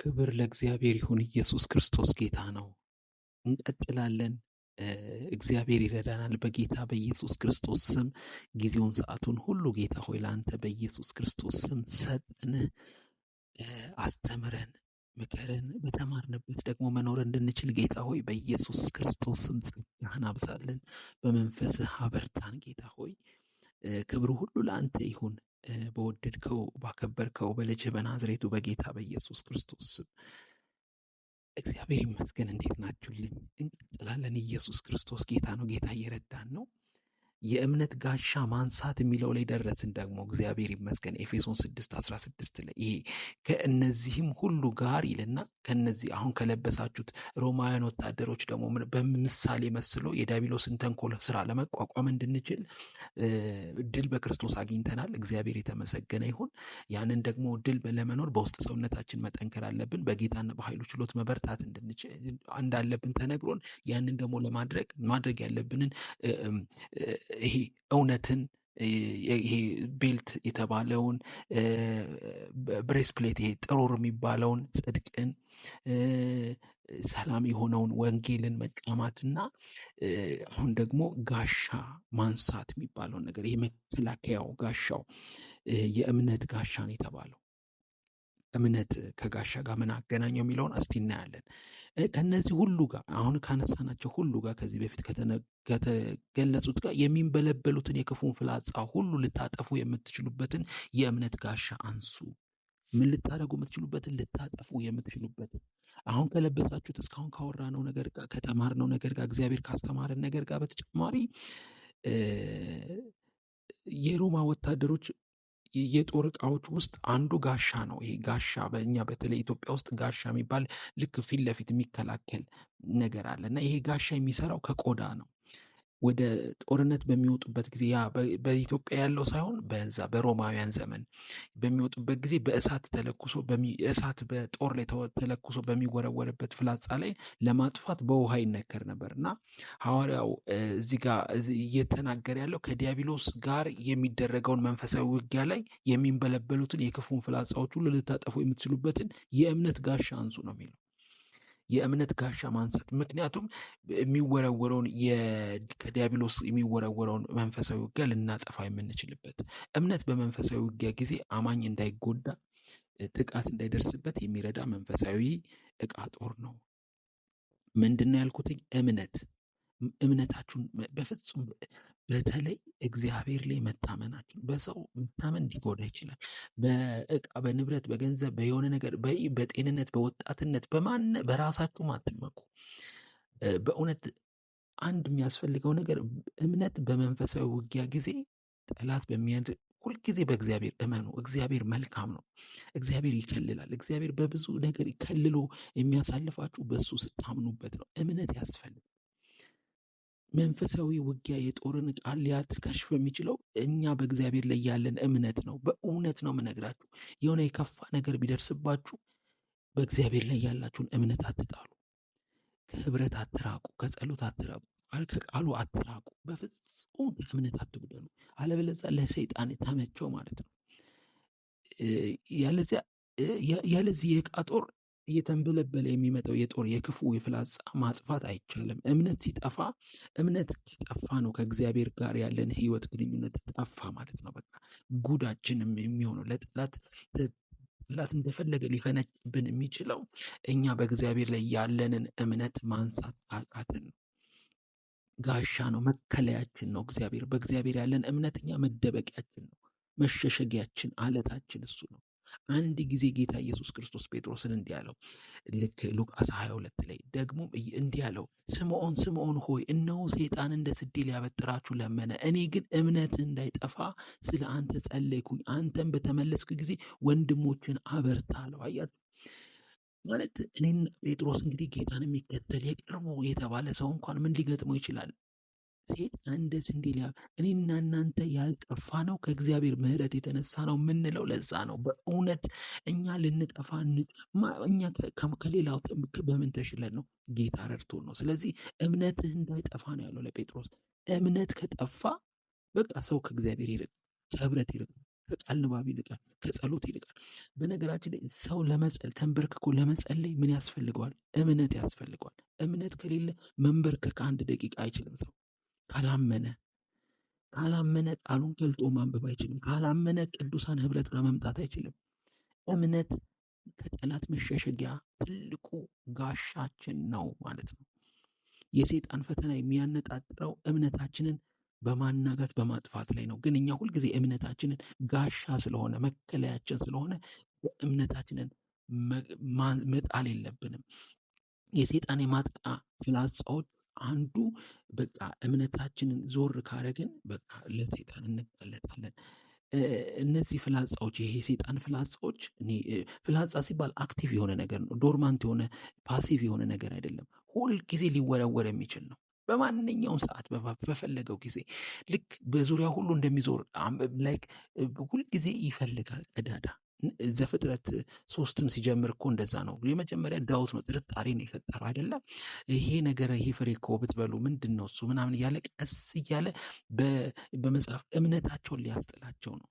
ክብር ለእግዚአብሔር ይሁን። ኢየሱስ ክርስቶስ ጌታ ነው። እንቀጥላለን። እግዚአብሔር ይረዳናል። በጌታ በኢየሱስ ክርስቶስ ስም ጊዜውን ሰዓቱን ሁሉ ጌታ ሆይ ለአንተ በኢየሱስ ክርስቶስ ስም ሰጥንህ። አስተምረን፣ ምከረን። በተማርንበት ደግሞ መኖር እንድንችል ጌታ ሆይ በኢየሱስ ክርስቶስ ስም ጸጋህን አብዛለን። በመንፈስህ አበርታን ጌታ ሆይ። ክብሩ ሁሉ ለአንተ ይሁን። በወደድከው ባከበርከው በልጅህ በናዝሬቱ በጌታ በኢየሱስ ክርስቶስ ስም እግዚአብሔር ይመስገን። እንዴት ናችሁልኝ? እንቀጥላለን። ኢየሱስ ክርስቶስ ጌታ ነው። ጌታ እየረዳን ነው። የእምነት ጋሻ ማንሳት የሚለው ላይ ደረስን። ደግሞ እግዚአብሔር ይመስገን ኤፌሶን 6 16 ላይ ይሄ ከእነዚህም ሁሉ ጋር ይልና ከነዚህ አሁን ከለበሳችሁት ሮማውያን ወታደሮች ደግሞ በምሳሌ መስሎ የዳቢሎስን ተንኮል ስራ ለመቋቋም እንድንችል ድል በክርስቶስ አግኝተናል። እግዚአብሔር የተመሰገነ ይሁን። ያንን ደግሞ ድል ለመኖር በውስጥ ሰውነታችን መጠንከር አለብን። በጌታና በኃይሉ ችሎት መበርታት እንዳለብን ተነግሮን ያንን ደግሞ ለማድረግ ማድረግ ያለብንን ይሄ እውነትን ይሄ ቤልት የተባለውን ብሬስፕሌት ይሄ ጥሩር የሚባለውን ጽድቅን ሰላም የሆነውን ወንጌልን መጫማትና አሁን ደግሞ ጋሻ ማንሳት የሚባለውን ነገር የመከላከያው ጋሻው የእምነት ጋሻን የተባለው እምነት ከጋሻ ጋር ምን አገናኘው የሚለውን እስቲ እናያለን። ከነዚህ ሁሉ ጋር አሁን ካነሳናቸው ሁሉ ጋር ከዚህ በፊት ከተገለጹት ጋር የሚንበለበሉትን የክፉን ፍላጻ ሁሉ ልታጠፉ የምትችሉበትን የእምነት ጋሻ አንሱ። ምን ልታደርጉ የምትችሉበትን ልታጠፉ የምትችሉበትን አሁን ከለበሳችሁት እስካሁን ካወራነው ነገር ጋር ከተማርነው ነገር ጋር እግዚአብሔር ካስተማረን ነገር ጋር በተጨማሪ የሮማ ወታደሮች የጦር እቃዎች ውስጥ አንዱ ጋሻ ነው። ይሄ ጋሻ በእኛ በተለይ ኢትዮጵያ ውስጥ ጋሻ የሚባል ልክ ፊት ለፊት የሚከላከል ነገር አለ እና ይሄ ጋሻ የሚሰራው ከቆዳ ነው። ወደ ጦርነት በሚወጡበት ጊዜ ያ በኢትዮጵያ ያለው ሳይሆን በዛ በሮማውያን ዘመን በሚወጡበት ጊዜ በእሳት ተለኩሶ እሳት በጦር ላይ ተለኩሶ በሚወረወርበት ፍላጻ ላይ ለማጥፋት በውሃ ይነከር ነበር እና ሐዋርያው እዚህ ጋር እየተናገረ ያለው ከዲያብሎስ ጋር የሚደረገውን መንፈሳዊ ውጊያ ላይ የሚንበለበሉትን የክፉን ፍላጻዎች ሁሉ ልታጠፉ የምትችሉበትን የእምነት ጋሻ አንሱ ነው የሚለው። የእምነት ጋሻ ማንሳት። ምክንያቱም የሚወረወረውን ከዲያብሎስ የሚወረወረውን መንፈሳዊ ውጊያ ልናጠፋ የምንችልበት እምነት በመንፈሳዊ ውጊያ ጊዜ አማኝ እንዳይጎዳ ጥቃት እንዳይደርስበት የሚረዳ መንፈሳዊ እቃ ጦር ነው። ምንድን ነው ያልኩትኝ? እምነት እምነታችሁን በፍጹም በተለይ እግዚአብሔር ላይ መታመናችን በሰው መታመን ሊጎዳ ይችላል። በእቃ፣ በንብረት፣ በገንዘብ፣ በየሆነ ነገር፣ በጤንነት፣ በወጣትነት፣ በማን በራሳችሁ አትመኩ። በእውነት አንድ የሚያስፈልገው ነገር እምነት በመንፈሳዊ ውጊያ ጊዜ ጠላት በሚያድ ሁልጊዜ በእግዚአብሔር እመኑ። እግዚአብሔር መልካም ነው። እግዚአብሔር ይከልላል። እግዚአብሔር በብዙ ነገር ከልሎ የሚያሳልፋችሁ በእሱ ስታምኑበት ነው። እምነት ያስፈልጋል። መንፈሳዊ ውጊያ የጦርን ዕቃ ሊያትከሽፍ የሚችለው እኛ በእግዚአብሔር ላይ ያለን እምነት ነው። በእውነት ነው የምነግራችሁ። የሆነ የከፋ ነገር ቢደርስባችሁ በእግዚአብሔር ላይ ያላችሁን እምነት አትጣሉ። ከህብረት አትራቁ። ከጸሎት አትራቁ። ከቃሉ አትራቁ። በፍጹም ከእምነት አትጉደሉ። አለበለዚያ ለሰይጣን ተመቸው ማለት ነው። ያለዚህ የዕቃ ጦር እየተንበለበለ የሚመጣው የጦር የክፉ የፍላጻ ማጥፋት አይቻልም። እምነት ሲጠፋ እምነት ከጠፋ ነው ከእግዚአብሔር ጋር ያለን ህይወት ግንኙነት ጠፋ ማለት ነው። በቃ ጉዳችንም የሚሆነው ለጠላት ጠላት እንደፈለገ ሊፈነጭብን የሚችለው እኛ በእግዚአብሔር ላይ ያለንን እምነት ማንሳት ካቃትን ነው። ጋሻ ነው፣ መከለያችን ነው። እግዚአብሔር በእግዚአብሔር ያለን እምነት እኛ መደበቂያችን ነው፣ መሸሸጊያችን፣ አለታችን እሱ ነው። አንድ ጊዜ ጌታ ኢየሱስ ክርስቶስ ጴጥሮስን እንዲህ አለው። ልክ ሉቃስ 22 ላይ ደግሞ እንዲህ አለው፣ ስምዖን ስምዖን ሆይ እነሆ ሰይጣን እንደ ስዴ ሊያበጥራችሁ ለመነ፣ እኔ ግን እምነት እንዳይጠፋ ስለ አንተ ጸለይኩኝ፣ አንተን በተመለስክ ጊዜ ወንድሞችን አበርታ አለው። አያችሁ ማለት እኔን ጴጥሮስ እንግዲህ ጌታን የሚከተል የቅርቡ የተባለ ሰው እንኳን ምን ሊገጥመው ይችላል? ሴት እንደ ስንዴ ሊያ እኔና እናንተ ያልጠፋ ነው ከእግዚአብሔር ምሕረት የተነሳ ነው የምንለው ለዛ ነው። በእውነት እኛ ልንጠፋ እኛ ከሌላው በምን ተሽለን ነው? ጌታ ረድቶን ነው። ስለዚህ እምነትህ እንዳይጠፋ ነው ያለው ለጴጥሮስ። እምነት ከጠፋ በቃ ሰው ከእግዚአብሔር ይርቅ፣ ከህብረት ይርቅ፣ ከቃል ንባብ ይልቃል፣ ከጸሎት ይልቃል። በነገራችን ላይ ሰው ለመጸል ተንበርክኮ ለመጸለይ ምን ያስፈልገዋል? እምነት ያስፈልገዋል። እምነት ከሌለ መንበርከክ አንድ ደቂቃ አይችልም ሰው ካላመነ ካላመነ ቃሉን ገልጦ ማንበብ አይችልም። ካላመነ ቅዱሳን ህብረት ጋር መምጣት አይችልም። እምነት ከጠላት መሸሸጊያ ትልቁ ጋሻችን ነው ማለት ነው። የሴጣን ፈተና የሚያነጣጥረው እምነታችንን በማናጋት በማጥፋት ላይ ነው። ግን እኛ ሁልጊዜ እምነታችንን ጋሻ ስለሆነ መከለያችን ስለሆነ እምነታችንን መጣል የለብንም። የሴጣን የማጥቃ ፍላጻዎች አንዱ በቃ እምነታችንን ዞር ካረግን በቃ ለሴጣን እንጋለጣለን። እነዚህ ፍላጻዎች ይሄ የሰይጣን ፍላጻዎች ፍላጻ ሲባል አክቲቭ የሆነ ነገር ነው። ዶርማንት የሆነ ፓሲቭ የሆነ ነገር አይደለም። ሁል ጊዜ ሊወረወር የሚችል ነው። በማንኛውም ሰዓት በፈለገው ጊዜ ልክ በዙሪያ ሁሉ እንደሚዞር ላይክ ሁልጊዜ ይፈልጋል ቀዳዳ ዘፍጥረት ሶስትም ሲጀምር እኮ እንደዛ ነው። የመጀመሪያ ዳውት ነው፣ ጥርጣሬ ነው የፈጠረው አይደለም። ይሄ ነገር ይሄ ፍሬ እኮ ብትበሉ ምንድን ነው እሱ ምናምን እያለ ቀስ እያለ በመጽሐፍ እምነታቸውን ሊያስጥላቸው ነው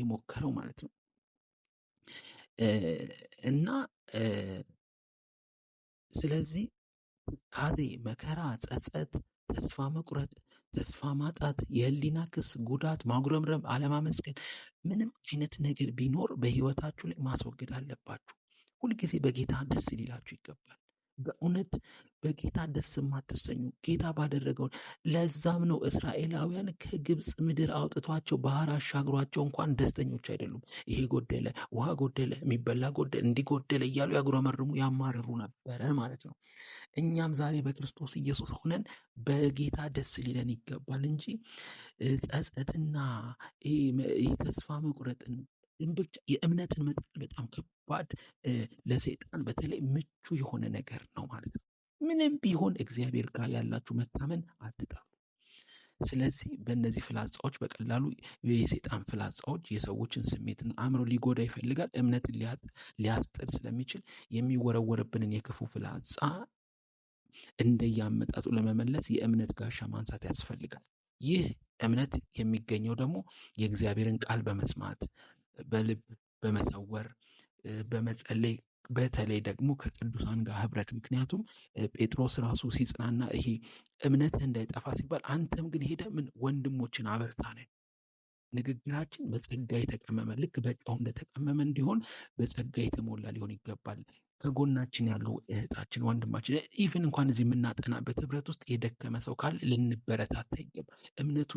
የሞከረው ማለት ነው። እና ስለዚህ ካዜ መከራ፣ ጸጸት፣ ተስፋ መቁረጥ ተስፋ ማጣት፣ የህሊና ክስ፣ ጉዳት፣ ማጉረምረም፣ አለማመስገን፣ ምንም አይነት ነገር ቢኖር በህይወታችሁ ላይ ማስወገድ አለባችሁ። ሁልጊዜ በጌታ ደስ ሊላችሁ ይገባል። በእውነት በጌታ ደስ የማትሰኙ ጌታ ባደረገውን ለዛም ነው እስራኤላውያን ከግብፅ ምድር አውጥቷቸው ባህር አሻግሯቸው እንኳን ደስተኞች አይደሉም። ይሄ ጎደለ፣ ውሃ ጎደለ፣ የሚበላ ጎደለ፣ እንዲህ ጎደለ እያሉ ያጉረመርሙ ያማርሩ ነበረ ማለት ነው። እኛም ዛሬ በክርስቶስ ኢየሱስ ሆነን በጌታ ደስ ሊለን ይገባል እንጂ ጸጸትና ተስፋ መቁረጥን የእምነትን መጠን በጣም ከባድ ለሴጣን በተለይ ምቹ የሆነ ነገር ነው ማለት ነው። ምንም ቢሆን እግዚአብሔር ጋር ያላችሁ መታመን አትጣሉ። ስለዚህ በእነዚህ ፍላጻዎች በቀላሉ የሴጣን ፍላጻዎች የሰዎችን ስሜትና አእምሮ ሊጎዳ ይፈልጋል። እምነትን ሊያስጥር ስለሚችል የሚወረወርብንን የክፉ ፍላጻ እንደያመጣጡ ለመመለስ የእምነት ጋሻ ማንሳት ያስፈልጋል። ይህ እምነት የሚገኘው ደግሞ የእግዚአብሔርን ቃል በመስማት በልብ በመሰወር በመጸለይ በተለይ ደግሞ ከቅዱሳን ጋር ህብረት። ምክንያቱም ጴጥሮስ ራሱ ሲጽናና ይሄ እምነትህ እንዳይጠፋ ሲባል አንተም ግን ሄደ ምን ወንድሞችን አበርታ ነው። ንግግራችን በጸጋ የተቀመመ ልክ በጨው እንደተቀመመ እንዲሆን በጸጋ የተሞላ ሊሆን ይገባል። ከጎናችን ያሉ እህታችን ወንድማችን ኢቭን እንኳን እዚህ የምናጠናበት ህብረት ውስጥ የደከመ ሰው ካለ ልንበረታታ ይገባ እምነቱ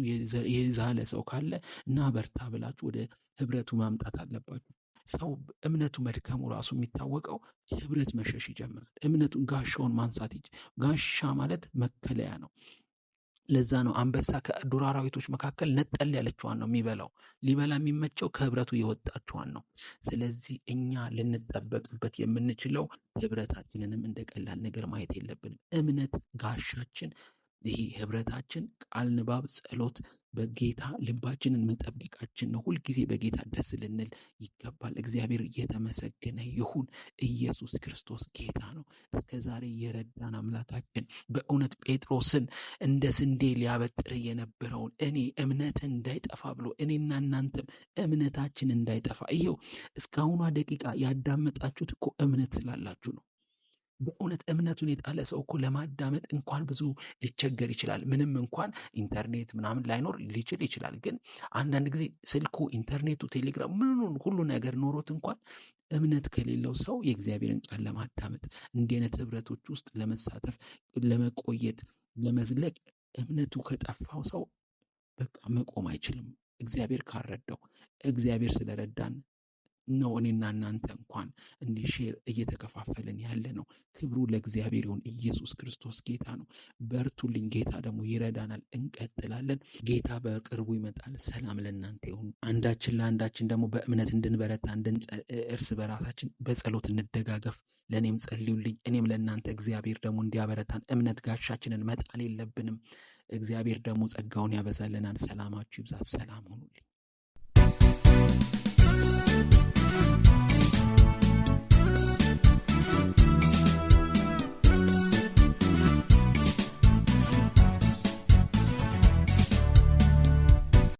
የዛለ ሰው ካለ እና በርታ ብላችሁ ወደ ህብረቱ ማምጣት አለባችሁ። ሰው እምነቱ መድከሙ ራሱ የሚታወቀው ህብረት መሸሽ ይጀምራል። እምነቱን ጋሻውን ማንሳት ጋሻ ማለት መከለያ ነው። ለዛ ነው አንበሳ ከዱር አራዊቶች መካከል ነጠል ያለችዋን ነው የሚበላው። ሊበላ የሚመቸው ከህብረቱ የወጣችዋን ነው። ስለዚህ እኛ ልንጠበቅበት የምንችለው ህብረታችንንም እንደ ቀላል ነገር ማየት የለብንም። እምነት ጋሻችን ይሄ ህብረታችን ቃል፣ ንባብ፣ ጸሎት በጌታ ልባችንን መጠበቃችን ነው። ሁልጊዜ በጌታ ደስ ልንል ይገባል። እግዚአብሔር እየተመሰገነ ይሁን። ኢየሱስ ክርስቶስ ጌታ ነው። እስከ ዛሬ የረዳን አምላካችን በእውነት ጴጥሮስን እንደ ስንዴ ሊያበጥር የነበረውን እኔ እምነት እንዳይጠፋ ብሎ እኔና እናንተም እምነታችን እንዳይጠፋ ይኸው እስካሁኗ ደቂቃ ያዳመጣችሁት እኮ እምነት ስላላችሁ ነው። በእውነት እምነቱን የጣለ ሰው እኮ ለማዳመጥ እንኳን ብዙ ሊቸገር ይችላል። ምንም እንኳን ኢንተርኔት ምናምን ላይኖር ሊችል ይችላል። ግን አንዳንድ ጊዜ ስልኩ፣ ኢንተርኔቱ፣ ቴሌግራም ምኑን ሁሉ ነገር ኖሮት እንኳን እምነት ከሌለው ሰው የእግዚአብሔርን ቃል ለማዳመጥ እንዲህ አይነት ህብረቶች ውስጥ ለመሳተፍ፣ ለመቆየት፣ ለመዝለቅ እምነቱ ከጠፋው ሰው በቃ መቆም አይችልም። እግዚአብሔር ካረዳው፣ እግዚአብሔር ስለረዳን ነው እኔና እናንተ እንኳን እንዲህ ሼር እየተከፋፈልን ያለ ነው። ክብሩ ለእግዚአብሔር ይሁን። ኢየሱስ ክርስቶስ ጌታ ነው። በርቱልኝ። ጌታ ደግሞ ይረዳናል። እንቀጥላለን። ጌታ በቅርቡ ይመጣል። ሰላም ለእናንተ ይሁን። አንዳችን ለአንዳችን ደግሞ በእምነት እንድንበረታ እርስ በራሳችን በጸሎት እንደጋገፍ። ለእኔም ጸልዩልኝ፣ እኔም ለእናንተ። እግዚአብሔር ደግሞ እንዲያበረታን እምነት ጋሻችንን መጣል የለብንም። እግዚአብሔር ደግሞ ጸጋውን ያበዛልናል። ሰላማችሁ ይብዛት። ሰላም ሆኑልኝ።